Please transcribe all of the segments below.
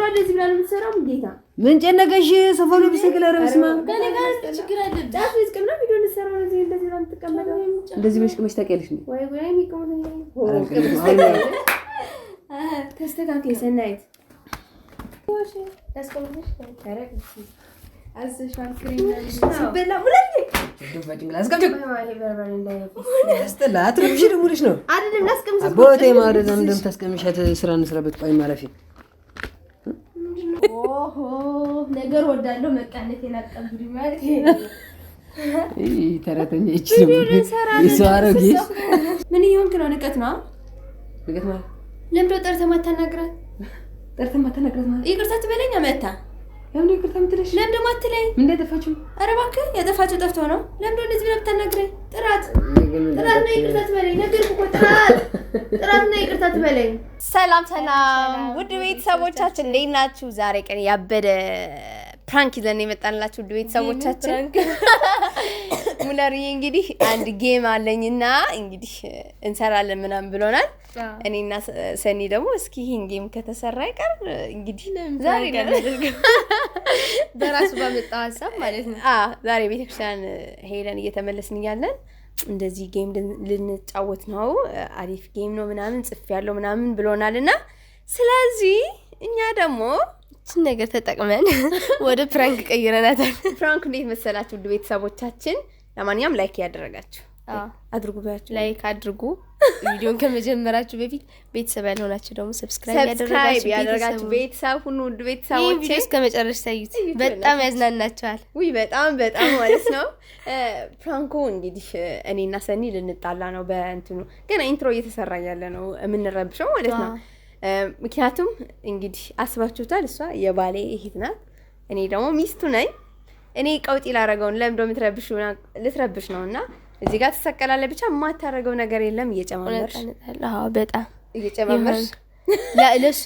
ፀጉሯ እንደዚህ ብላ ነው የምትሰራው። ጌታ ምን ጨነቀሽ? ሰፈሩ ቢሰክል ረብስማ ችግር ነው። እንደዚህ መሽቅመሽ ታውቂያለሽ ነው ተስተካክል። ሰናይት ነው ቦታ ታስቀምሻት ስራ እንስራበት ኦሆ ነገር ወዳለው መቃነት የናቀብኝ ማለት ተረተኛ ምን እየሆንክ ነው? ንቀት ነው ንቀት ማለት ለምዶ ጠርተህ ማታናግራት ጠርተህ ማታናግራት ማለት ይቅርታ ትበለኛ መታ ለምን ይቅርታ የምትለሽ? ለምን ደግሞ አትለኝ? ምን እንዳጠፋችሁ? ኧረ እባክህ ያጠፋችሁ ጠፍቶ ነው። ለምን እንደዚህ ብለህ ብታናግረኝ? ጥራት ጥራት ነው ይቅርታ ትበለኝ። ነገር እኮ ጥራት ጥራት ነው ይቅርታ ትበለኝ። ሰላም ሰላም፣ ውድ ቤተሰቦቻችን እንዴት ናችሁ? ዛሬ ቀን ያበደ ፕራንክ ይዘን የመጣንላችሁ ውድ ቤተሰቦቻችን። ሙለርዬ እንግዲህ አንድ ጌም አለኝና እንግዲህ እንሰራለን ምናምን ብሎናል። እኔና ሰኒ ደግሞ እስኪ ይህን ጌም ከተሰራ ይቀር እንግዲህ ዛሬ ነው በራሱ ባመጣው ሀሳብ ማለት ነው። ዛሬ ቤተክርስቲያን ሄደን እየተመለስን እያለን እንደዚህ ጌም ልንጫወት ነው፣ አሪፍ ጌም ነው ምናምን ጽፍ ያለው ምናምን ብሎናል። እና ስለዚህ እኛ ደግሞ ይችን ነገር ተጠቅመን ወደ ፕራንክ ቀይረናታል። ፕራንክ እንዴት መሰላችሁ? ውድ ቤተሰቦቻችን፣ ለማንኛውም ላይክ ያደረጋችሁ አድርጉ ብያቸው ላይክ አድርጉ። ቪዲዮን ከመጀመራችሁ በፊት ቤተሰብ ያልሆናችሁ ደግሞ ሰብስክራይብ ያደረጋችሁ ቤተሰብ ሁኑ። ውድ ቤተሰቦች ቪዲዮ እስከ መጨረሻ ታዩት፣ በጣም ያዝናናቸዋል። ውይ በጣም በጣም ማለት ነው። ፕራንኮ እንግዲህ እኔና ሰኒ ልንጣላ ነው። በእንትኑ ገና ኢንትሮ እየተሰራ ያለ ነው የምንረብሸው ማለት ነው። ምክንያቱም እንግዲህ አስባችሁታል፣ እሷ የባሌ እህት ናት፣ እኔ ደግሞ ሚስቱ ነኝ። እኔ ቀውጢ ላረገውን ለምዶ የምትረብሽ ልትረብሽ ነው እና እዚህ ጋር ትሰቀላለህ። ብቻ የማታደርገው ነገር የለም። እየጨማመርሽ በጣም እየጨማመርሽ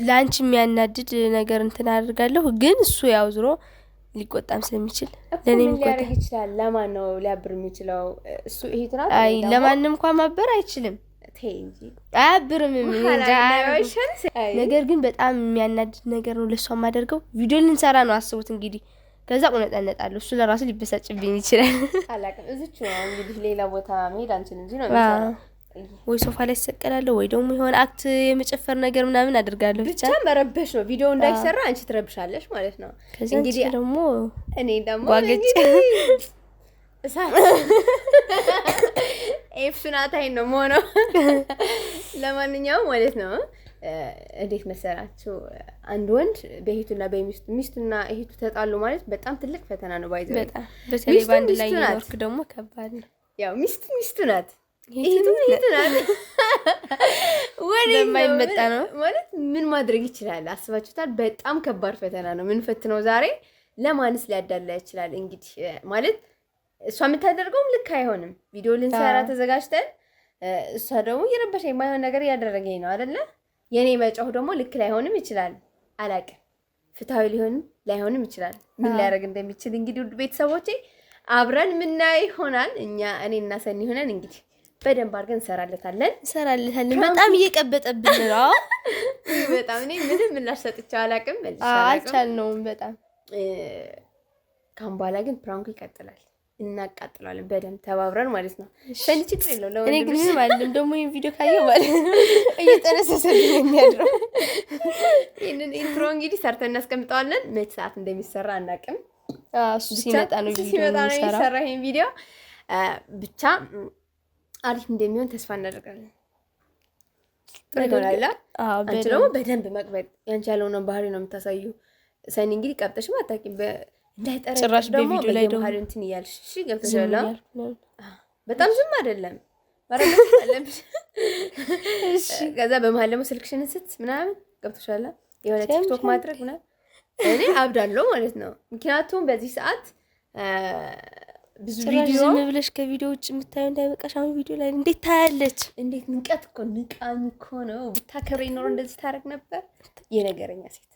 ለአንቺ የሚያናድድ ነገር እንትን አድርጋለሁ። ግን እሱ ያው ዝሮ ሊቆጣም ስለሚችል ለእኔ ሊያደርግ ይችላል። ለማን ነው ሊያብር የሚችለው? እሱ ይሄት ናት። አይ ለማንም እንኳ ማበር አይችልም፣ አያብርም። ነገር ግን በጣም የሚያናድድ ነገር ነው ለእሷ የማደርገው። ቪዲዮ ልንሰራ ነው አስቡት እንግዲህ ከዛ ቁነጠነጣለሁ። እሱ ለራሱ ሊበሳጭብኝ ይችላል። አላውቅም። እዚች ነው እንግዲህ ሌላ ቦታ መሄድ አንችል እንጂ ነው ወይ ሶፋ ላይ ትሰቀላለሁ ወይ ደግሞ የሆነ አክት የመጨፈር ነገር ምናምን አድርጋለሁ። ብቻ መረበሽ ነው፣ ቪዲዮ እንዳይሰራ አንቺ ትረብሻለሽ ማለት ነው። እንግዲህ ደግሞ እኔ ደግሞ ጓገጭ ኤፍሱናታይን ነው መሆነው። ለማንኛውም ማለት ነው እንዴት መሰላችሁ አንድ ወንድ በሄቱና በሚስቱ ሚስቱና እህቱ ተጣሉ ማለት በጣም ትልቅ ፈተና ነው። ባይዘ በተለይ በአንድ ላይ ኖርክ ደግሞ ከባድ ነው። ያው ሚስቱ ሚስቱ ናት፣ እህቱ ናት። ነው ማለት ምን ማድረግ ይችላል? አስባችሁታል? በጣም ከባድ ፈተና ነው። ምን ፈትነው ዛሬ ለማንስ ሊያዳላ ይችላል? እንግዲህ ማለት እሷ የምታደርገውም ልክ አይሆንም። ቪዲዮ ልንሰራ ተዘጋጅተን እሷ ደግሞ እየረበሸኝ የማይሆን ነገር እያደረገኝ ነው አይደለ የኔ መጮህ ደግሞ ልክ ላይሆንም ይችላል። አላቅም ፍትሐዊ ሊሆን ላይሆንም ይችላል። ምን ሊያደርግ እንደሚችል እንግዲህ ውድ ቤተሰቦቼ አብረን ምናይ ይሆናል። እኛ እኔ እና ሰኒ ሆነን እንግዲህ በደንብ አድርገን እንሰራለታለን እንሰራለታለን። በጣም እየቀበጠብን ነው። በጣም እኔ ምንም ምላሽ ሰጥቼው አላቅም፣ አልቻልነውም። በጣም ካሁን በኋላ ግን ፕራንኩ ይቀጥላል። እናቃጥለዋለን በደንብ ተባብረን ማለት ነው። ሰንቺ ጥሩ የለው ለእኔ ግን ምንም አይደለም። ደግሞ ይህን ቪዲዮ ካየው ማለት እየጠነሰሰ የሚያድረው ይህንን ኢንትሮ እንግዲህ ሰርተን እናስቀምጠዋለን። መች ሰዓት እንደሚሰራ አናቅም። እሱ ሲመጣ ነው ሲመጣ ነው የሚሰራ ይህን ቪዲዮ ብቻ አሪፍ እንደሚሆን ተስፋ እናደርጋለን። ጥሩ ደግሞ በደንብ መቅበጥ ያንቺ ያለውን ባህሪ ነው የምታሳዩ። ሰኒ እንግዲህ ቀብጠሽም አታውቂም ጭራሽ በቪዲዮ ላይ ደግሞ እንትን እያልሽ እሺ፣ ገብተሻል። በጣም ዝም አይደለም ከዛ በመሀል ደግሞ ስልክሽን ስት ምናምን ገብቶሻል። የሆነ ቲክቶክ ማድረግ ምናምን እኔ አብዳለሁ ማለት ነው። ምክንያቱም በዚህ ሰዓት ብዙ ዝም ብለሽ ከቪዲዮ ውጭ የምታየው እንዳይበቃሽ። አሁን ቪዲዮ ላይ እንዴት ታያለች? እንዴት ንቀት እኮ ንቃኝ እኮ ነው። ብታከብሪ ኖሮ እንደዚህ ታደርግ ነበር። የነገረኛ ሴት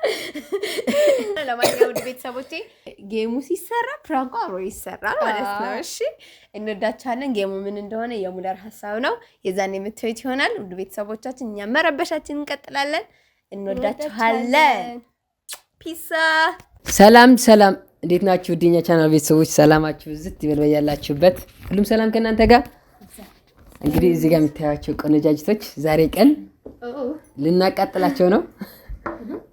ለማንኛውም ውድ ቤተሰቦቼ ጌሙ ሲሰራ ፕራንኩ አብሮ ይሰራል ማለት ነው። እሺ እንወዳችኋለን። ጌሙ ምን እንደሆነ የሙለር ሀሳብ ነው። የዛን የምታዩት ይሆናል። ውድ ቤተሰቦቻችን እኛ መረበሻችን እንቀጥላለን። እንወዳችኋለን። ፒሳ ሰላም ሰላም። እንዴት ናችሁ? ድኛ ቻናል ቤተሰቦች ሰላማችሁ ዝት ይበል ያላችሁበት ሁሉም ሰላም ከእናንተ ጋር እንግዲህ እዚህ ጋር የምታያቸው ቆነጃጅቶች ዛሬ ቀን ልናቃጥላቸው ነው።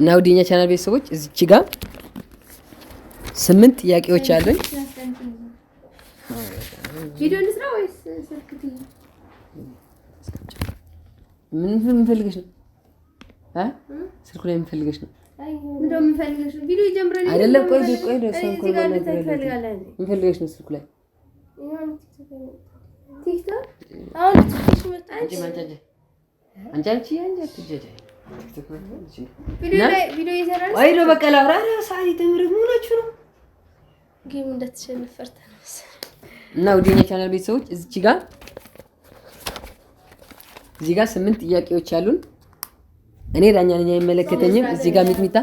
እና ውድ የኛ ቻናል ቤተሰቦች እዚች ጋ ስምንት ጥያቄዎች አሉኝ። ምን የምፈልገሽ ነው? ስልኩ ላይ የምፈልገሽ ነው አይደለም? ቆይ ቆይ፣ የምፈልገሽ ነው ስልኩ ላይ አንቺ አንቺ አይ ነው በቃ ላውራ። ኧረ ሰዓት የተምረት መሆናችሁ ነው። ጌሙ እንደተሸነፈ ፈርተን እና ውድ የእኛ ቻናል ቤተሰቦች እዚህ ጋር እዚህ ጋር ስምንት ጥያቄዎች ያሉን እኔ ዳኛ ነኝ፣ አይመለከተኝም። እዚህ ጋር ሚጥሚጣ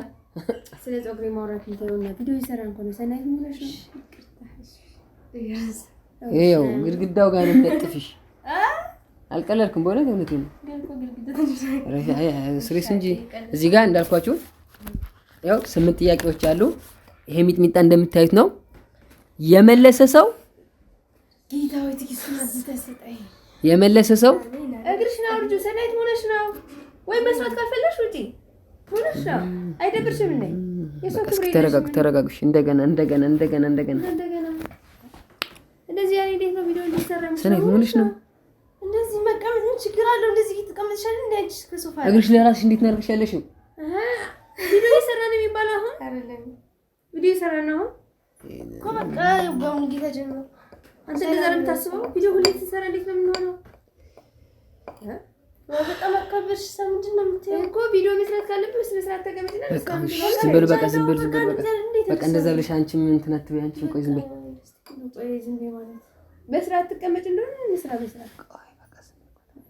ስለ ፀጉሬ ማውራት ግድግዳው ጋር ነው የሚለጥፍሽ አልቀለልኩም በሆነ ከእውነት ነው ስሬስ እንጂ እዚህ ጋር እንዳልኳችሁ ያው ስምንት ጥያቄዎች አሉ። ይሄ ሚጥሚጣ እንደምታዩት ነው። የመለሰ ሰው የመለሰ ሰው እግርሽ ነው ልጁ ሰናይት ሆነሽ ነው ወይ መስማት ካልፈለሽ ውጪ ሆነሽ ነው። አይደብርሽም? ነይ ተረጋጉ፣ ተረጋጉ። እንደገና እንደገና እንደገና እንደገና እንደገና እንደዚህ ያኔ እንዴት ነው ቪዲዮ እንዲሰራ ሰናይት ሆነሽ ነው እንደዚህ መቀመጥ ምን ችግር አለው? እንደዚህ እየተቀመጥሻል። እንደ አንቺስ ከሶፋ እግርሽ ለራስሽ እንዴት ናርግሽ ያለሽው? ቪዲዮ እየሰራ ነው የሚባለው አሁን አይደለም። ቪዲዮ እየሰራ ነው እኮ በቃ በአሁኑ ጀምሮ አንተ እንደዛ ነው የምታስበው? ቪዲዮ ሁሌ ስትሰራ እንዴት ነው የምንሆነው? በጣም አካበርሽ ምንድን ነው የምትይው? እኮ ቪዲዮ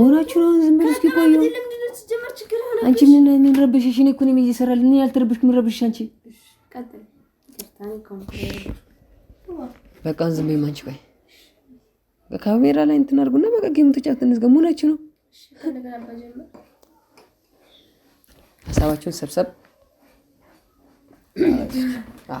መሆናችሁ ነው። ዝም ብለሽ ቆዩ። አንቺ ምን ምን ረበሽሽ? እኔ እኮ ነኝ እየሰራልኝ። እኔ አልተረበሽኩም። ምን ረበሽሽ አንቺ? በቃ ዝም በይም አንቺ። ቆይ ካሜራ ላይ እንትን አድርጉና በቃ ጌም ተጫወት እንዝጋ። መሆናችሁ ነው። ሀሳባችሁን ሰብሰብ። አዎ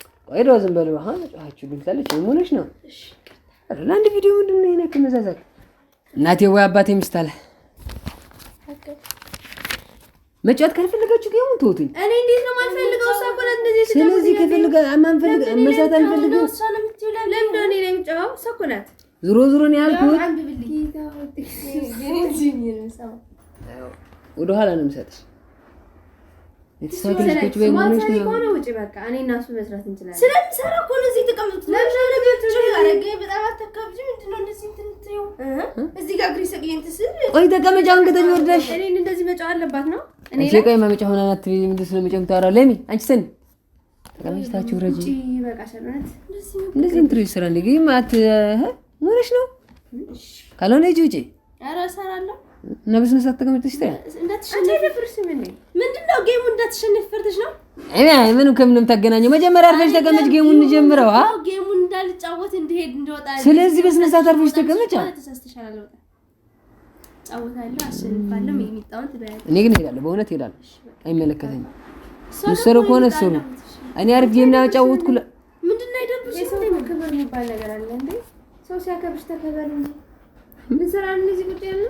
ቆይ ዶ ዝም በሉ። አሁን ጫችሁ ብልታለች ሆነሽ ነው ለአንድ ቪዲዮ ምንድን ነው ይነክ መዛዛት? እናቴ ወይ አባቴ ሚስት አለ መጫወት ካልፈለጋችሁ ግን ምን እኔ እንዴት ነው ማልፈልገው? እሷ እኮ ናት እንደዚህ ስለዚህ ስለዚህ ከፈልጋ ማንፈልግ መሳት አንፈልግም። ዞሮ ዞሮ ነው ያልኩት፣ ወደኋላ ነው የምሰጥሽ የተሳገለች ወይ ነው በቃ እኔ እና እሱ መስራት እንችላለን። ስለምሰራ እኮ ነው እዚህ ተቀምጥ። ለምን አረገች በጣም እንደዚህ እዚህ ጋር ቆይ ወርደሽ እኔ እንደዚህ መጫው አለባት ነው እኔ ላይ ቆይ ታራ ለሚ አንቺ ረጂ በቃ ሰነት እንደዚህ እንትሪ ስራ ለጊ ማት ኖረሽ ነው ካልሆነ ሂጂ ውጪ ኧረ እሰራለሁ እና በስነ ሰዓት ተቀመጭ ትሽታ እንዳትሽ አንቺ ፍርስ ምን ነው እንዳትሸንፍ ፈርተሽ ነው? እኔ ምኑ ከምንም ታገናኘው። መጀመሪያ አርፈሽ ተቀመጭ፣ ጌሙን እንጀምረው። አዎ ጌሙን እንዳልጫወት እንድሄድ እንደወጣ። ስለዚህ በስነ ስርዓት አርፈሽ ተቀመጭ። እኔ ግን እሄዳለሁ፣ በእውነት እሄዳለሁ። አይመለከተኝም። ምሰሩ ከሆነ ስሩ። እኔ አሪፍ ጌም ነው ያጫወትኩ። ምንድን ነው አይደብሽ? ክብር የሚባል ነገር አለ እንዴ? ሰው ሲያከብርሽ ተከበር እንጂ ምን ስራ ነው ቁጭ ያለው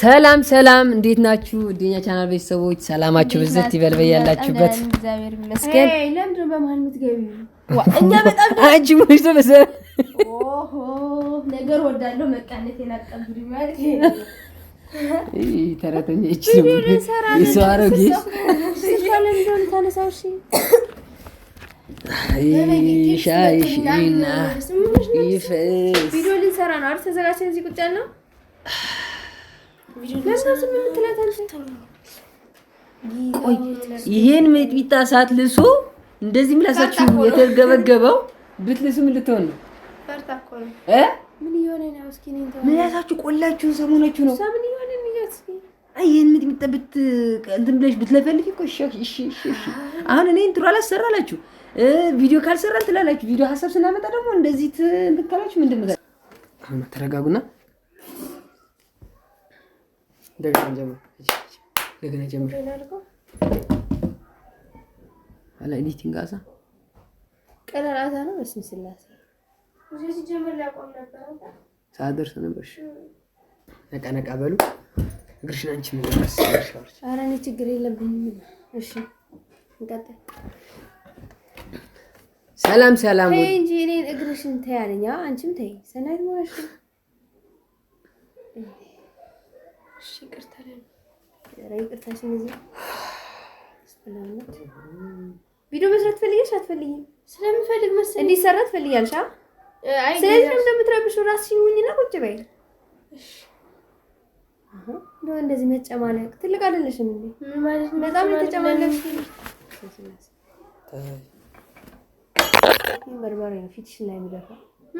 ሰላም ሰላም፣ እንዴት ናችሁ? እድኛ ቻናል ቤተሰቦች ሰላማችሁ ብዝት ይበል በያላችሁበት። እግዚአብሔር ይመስገን። ነገር ቆይ ይሄን ሚጥሚጣ ሰዓት ልሱ እንደዚህ ምላሳችሁ የተገበገበው ብትልሱ ምን ልትሆን ነው? ነው? እ ምላሳችሁ ቆላችሁ ሰሞናችሁ ነው። ምን አይ ይሄን ሚጥሚጣ ብት እንትን ብለሽ ብትለፈልፊ እኮ እሺ፣ እሺ፣ እሺ። አሁን እኔ እንትሮ አላሰራላችሁ ቪዲዮ ካልሰራ እንትላላችሁ ቪዲዮ ሀሳብ ስናመጣ ደግሞ እንደዚህ ትንትካላችሁ ምንድን ነው? አሁን ተረጋጉና እንደገና ጀምር፣ እንደገና ጀምር። አላ ኤዲቲንግ አሳ ቀላል አሳ ነው። በስመ ስላሴ ሳደርስ ነበር። ነቃ ነቃ በሉ። እግርሽን አንቺ ምን ያስፈልግሽ? ኧረ እኔ ችግር የለብኝም። እሺ እንቀጥል። ሰላም ሰላም። ወይ እንጂ እኔን እግርሽን ተያለኝ። አንቺም ተይ። ሰናይት ማሽ ቪዲዮ መስራት ትፈልጊያለሽ አትፈልጊም? ስለምፈልግ መሰለኝ እንዲሰራ ትፈልጊያለሽ? ስለዚህ ነው እንደምትረብሽው እራስሽን ሁኚና ቁጭ በይ። እንደዚህ መጨማለቅ ትልቅ አይደለሽም እንዴ? በጣም የተጨማለቅሽ ነው ፊትሽን ላይ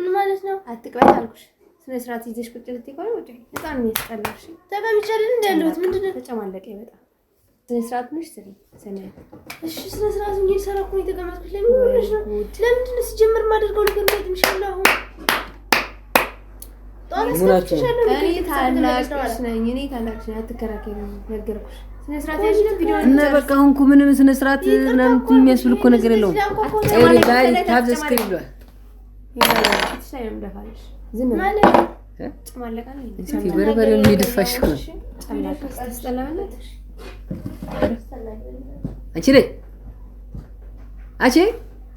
ምን ማለት ነው? አትቅበይ አልኩሽ። ስነ ስርዓት ይዘሽ ቁጭ ልትይ ከሆነ በጣም የሚያስጠላሽ ተቀምጬ አይደል እንደ ያለሁት ምንድን ነው ተጨማለቀ። በጣም ስነ ስርዓት ነሽ ስሪ። ሰናይ እሺ፣ ስነ ስርዓት ነው የሰራ እኮ የተቀመጥኩት። ለምን ነው? ለምንድን ነው ሲጀምር ማደርገው ነገር ነው ኢንሻአላህ። እኔ ታላቅሽ ነኝ፣ እና በቃ አሁን እኮ ምንም ስነ ስርዓት ምናምን የሚያስብል እኮ ነገር የለውም። ታብ ዘስክሪ ብሏል። ዝም በርበሬውን እየደፋሽ አንቺ ላይ አንቺ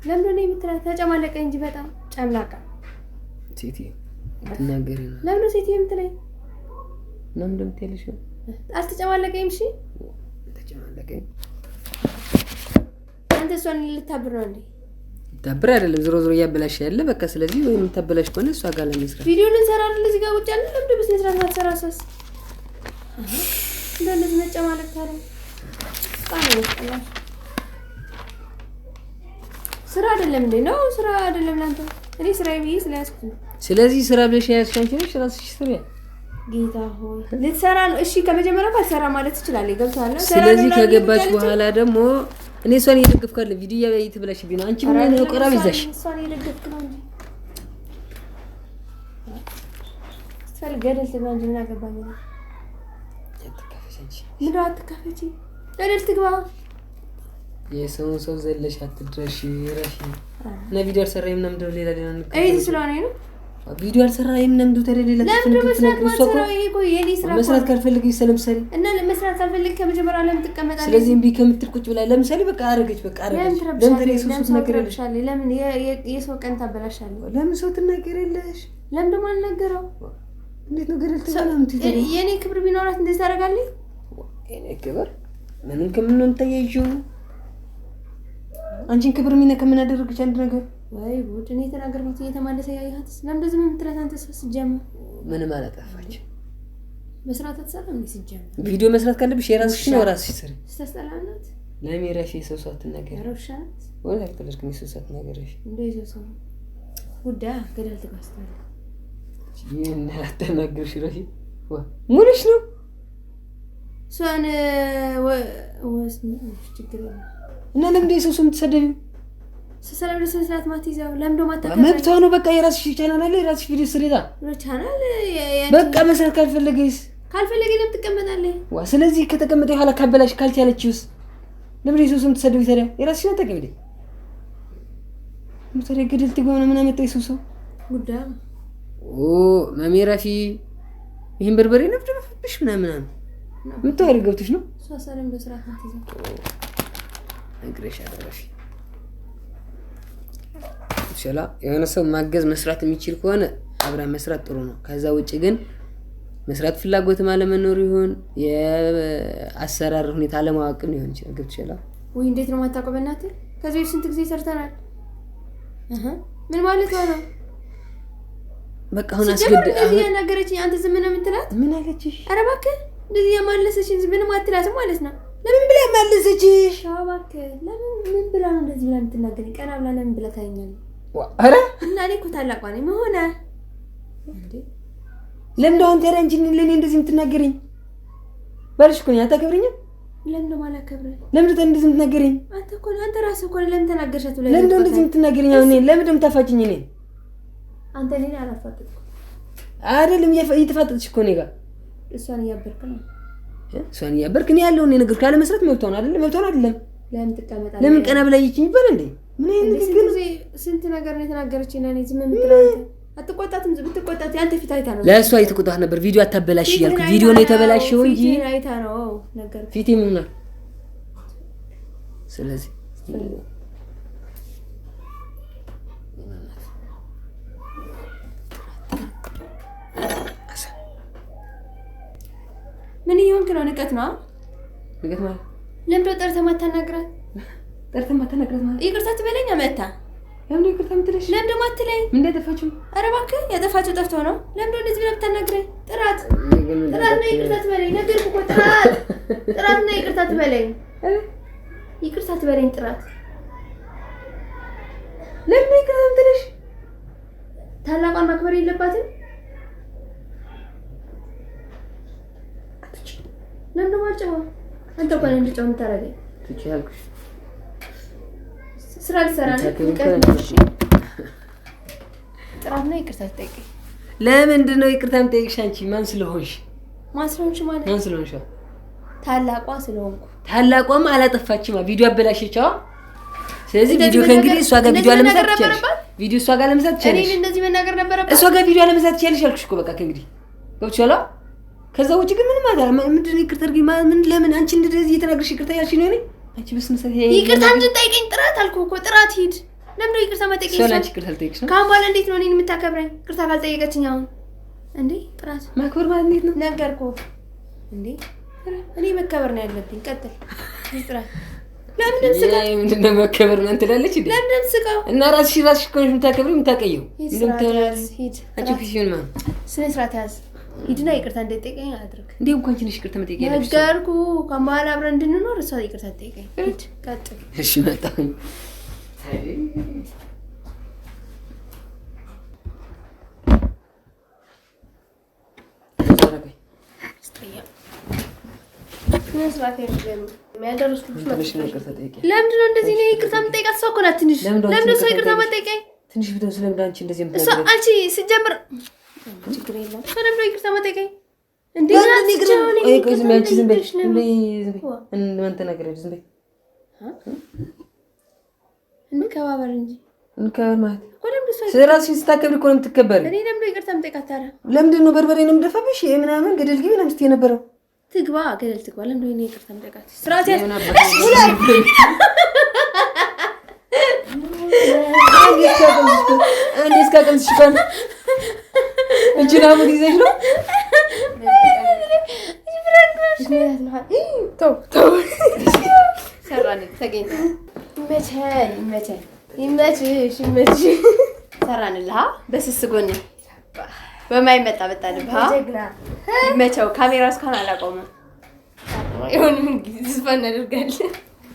ለምንድን ነው የምትላት? ተጨማለቀ እንጂ በጣም ጨምላቃ ትናገሪ ነው። ለምን ነው የምትለኝ? ለምን የምትልሽ? አልተጨማለቀኝም። እሺ ተጨማለቀኝ። አንተ እሷን ልታብር ነው እንዴ? ዳብር አይደለም ዞሮ ዞሮ እያበላሽ ያለ በቃ። ስለዚህ ወይም የምታበላሽ ከሆነ እሷ ጋር ለመስራት ቪዲዮ ልንሰራ አይደል? እዚህ ጋር ቁጭ ያለ ለምንድን ነው በስነ ስርዓት ሰስ እንደዚህ ነጫ ማለት ታዲያ ስራ አይደለም እንዴ? ነው ስራ አይደለም ለአንተ። እኔ ስራ ብዬ ስለያዝኩት ስለዚህ ስራ ብለሽ ያስከንሽ ራስሽ ስሪ። ጌታ ሆይ ልትሰራ ነው። እሺ ከመጀመሪያው ካልሰራ ማለት ትችላለህ። ገብቶሃል? ስለዚህ ከገባች በኋላ ደግሞ እኔ እሷን እየደገፍኩ አይደል? ቪዲዮ ያየት ብለሽ ቢና አንቺ ምን ነው ቀራብ ይዘሽ ገደል ምን አገባኝ የሰውን ሰው ዘለሽ አትድረሽ። ረሽ እና ቪዲዮ አልሰራኝም ምናምን ደው ሌላ ሌላ ነው ስለሆነ ነው ቪዲዮ አልሰራ የምንም ዱተር ተደሌለ መስራት ካልፈልግ ለምሳሌ እና መስራት ካልፈልግ ከመጀመሪያ ለምን ትቀመጣለህ? ስለዚህ እምቢ ከምትል ቁጭ ብላ ለምሳሌ በቃ አረገች፣ በቃ አረገች። ለምን የሰው ቀን ታበላሻለህ? ለምን ሰው ትናገሪያለሽ? ለምን ደግሞ አልነገረው? እንዴት ነው ገደል ትገባ? የእኔ ክብር ቢኖራት እንደዚህ ታደርጋለች? የእኔ ክብር ምንም ከምንሆን ተያይዤው አንቺን ክብር ሚነ ከምናደርግች አንድ ነገር ወይ ጉድ! እኔ የተናገርኩት እየተመለሰ ያያት ለምደዚህ ምን ምትላት አንተ? ሰው ስጀምር ምንም አላጠፋች። መስራት አትሰራም። እኔ ስጀምር ቪዲዮ መስራት ካለብሽ የራስሽ ነው፣ ራስሽ ስሪ። ስታስጠላናት ለሚራሽ የሰው ሰው አትናገር። ረሻት ወይ አልቀደርክ ነው የሰው ሰው አትናገርሽ። እንደ የሰው ሰው ጉዳይ ገደል ትጋስታለ። ይህን አታናግርሽ። ራሽ ሙልሽ ነው እሷን ወስ ችግር እና ለምደ የሰው ሰው የምትሰደቢው ስለምደ ስነስርዓት ማትይዘው ለምዶ ማታከል መብቷ ነው። በቃ የራስሽ ቻናል አለ፣ የራስሽ ቪዲዮ ስሬታ ቻናል በቃ መስራት ካልፈለገስ ካልፈለገ ለምን ትቀመጣለህ? ዋ ስለዚህ ከተቀመጠ የኋላ ካበላሽ ካልቻለችውስ ለምን የሱስ የምትሰደው ታዲያ? የራስሽ ነው ምን አመጣ የሱስ ሰው ኦ መሜራፊ ይህን በርበሬ ነው ብሽ ምናምን ምናምን የምታወሪ ነው ሷሳለም በስራ ማትይዘው እግሬሽ አደረሽ ሸላ የሆነ ሰው ማገዝ መስራት የሚችል ከሆነ አብራ መስራት ጥሩ ነው። ከዛ ውጭ ግን መስራት ፍላጎትም አለመኖሩ ይሁን የአሰራር ሁኔታ አለማወቅም ሊሆን ይችላል። ግብት ሸላ ወይ እንዴት ነው ማታቆበ እናት ከዚህ ስንት ጊዜ ሰርተናል። ምን ማለት ነው? በቃ አሁን አስገድ እንደዚህ ያናገረችኝ አንተ ዝም ነው የምትላት? ምን አለችሽ? ኧረ እባክህ እንደዚህ ያማለሰችኝ ምንም አትላትም ማለት ነው። ለምን ብላ ያማለሰችሽ? እባክህ ለምን ምን ብላ ነው እንደዚህ ብላ የምትናገረኝ? ቀና ብላ ለምን ብላ ታየኛለህ? ኧረ እና እኔ እኮ ታላቋ ነኝ። መሆነ ለምንድን አሁን ታዲያ እንጂ ለእኔ እንደዚህ የምትናገረኝ ባልሽ እኮ ነኝ። ለምን ማላከብረኝ? እንደዚህ አንተ እኮ አንተ እኮ ለምን ተናገርሻት እንደዚህ አሁን ለምን የምታፋጭኝ? እኔ አንተ እኔን አይደለም፣ እየተፋጠጥሽ እኮ እኔ ጋር እሷን እያበርክ ነው። እሷን እያበርክ እኔ ያለውን ነገር ካለ መስራት መብቷን አይደለም፣ መብቷን አይደለም። ለምን ቀና ብላ ይችኝ ይባል እንዴ? ምን አይነት ስንት ነገር ነው የተናገረች እና ዝም አትቆጣትም? ብትቆጣት ያንተ ፊት አይታ ነው። ለእሷ እየተቆጣት ነበር። ቪዲዮ አታበላሽ እያልኩ ቪዲዮ ነው የተበላሸው እንጂ አይታ ነው ነገር ፊቴ ምን ስለዚህ ምን እየሆንክ ነው? ንቀት ነው ንቀት ማለት ለምዶ ጠርተህ ማታናግራት ጠርተህ ማታ ነግረት ማለት ይቅርታ ትበለኝ። መታ ለምን ይቅርታ የምትለሽ? ለምን ደግሞ አትለኝ? ምን እንዳጠፋችሁ? ኧረ እባክህ ያጠፋችሁ ጠፍቶ ነው። ለምን ደግሞ እንደዚህ ብለህ ብታናግረኝ? ጥራት ጥራት ነው ይቅርታ ትበለኝ። ነገር እኮ ጥራት ጥራት ነው ይቅርታ ትበለኝ። ይቅርታ ትበለኝ ጥራት። ለምን ይቅርታ የምትለሽ? ታላቋን ማክበር የለባትም? ለምን ደግሞ አልጨዋም? አንተ እንኳን እንድጨው የምታደርገኝ ትችያለሽ ስራ ልሰራ ነው። ጥራት ነው። ይቅርታ ትጠይቀኝ። ለምንድን ነው ይቅርታ የምጠይቅሽ? አንቺ ማን ስለሆንሽ? ማን ስለሆንሽ ማለት ማን ስለሆንሽ? ታላቋ ስለሆንኩ። ታላቋም አላጠፋችማ፣ ቪዲዮ አበላሸችዋ። ስለዚህ ቪዲዮ ከእንግዲህ እሷ ጋር ቪዲዮ አለመሳት ትችያለሽ። ቪዲዮ እሷ ጋር አለመሳት ትችያለሽ። እኔ እንደዚህ መናገር ነበረባት። እሷ ጋር ቪዲዮ አለመሳት ትችያለሽ አልኩሽ እኮ በቃ ከእንግዲህ ገብቶሻል። ከዛ ውጭ ግን ምንም አልተረፈም። ምንድን ነው ይቅርታ አድርጊ። ምን ለምን አንቺ እንደዚህ እየተናገርሽ ይቅርታ ያልሽኝ ነው እኔ አንቺ በስነ ጠይቀኝ ይቅርታ እንድትጠይቀኝ ጥራት አልኩህ እኮ ጥራት ሂድ። ለምን ይቅርታ መጠየቅ ነው። ከአሁን በኋላ እንዴት ነው እኔን የምታከብረኝ? ይቅርታ ካልጠየቀችኝ አሁን እንዴ ጥራት ማክበር ማለት እንዴት ነው? ነገርኩህ እንዴ እኔ መከበር ነው ያለብኝ። ቀጥል ጥራት ለምንም ነው መከበር እና ራስሽ ራስሽ እኮ ነሽ የምታከብሪው የምታቀየው። ስነ ስርዓት ያዝ ሂድና ይቅርታ እንደጠቀኝ አድርግ። እንዴ እንኳን ትንሽ ይቅርታ መጠቀ ያለብሽ ነገርኩ። ከመሀል አብረን እንድንኖር እሷ ይቅርታ ጠይቀኝ። ቀጥል። እሺ መጣሁኝ። ለምንድነው እንደዚህ ነው ይቅርታ የምጠይቃት? እሷ እኮ ናት ትንሽ። ለምንድነው እሷ ይቅርታ የምጠይቀኝ? ትንሽ ብትሆን ስለምንድን አንቺ እንደዚህ የምትሆን አንቺ ስትጀምር ችግር የለም። ተደብሎ ይቅርታ መጠቀኝ በርበሬ ነው የምደፋብሽ? ምናምን ገደል ግቢ ነው የነበረው። ትግባ ገደል ትግባ። ለምንድን ነው ይቅርታ የምጠይቃት? ስራ እጅና ሙት ይዘሽ ነው ሰራንልሃ በስስ ጎን በማይመጣ በጣልብሃ ካሜራ እስካሁን አላቆመም የሆነ ጊዜ ተስፋ እናደርጋለን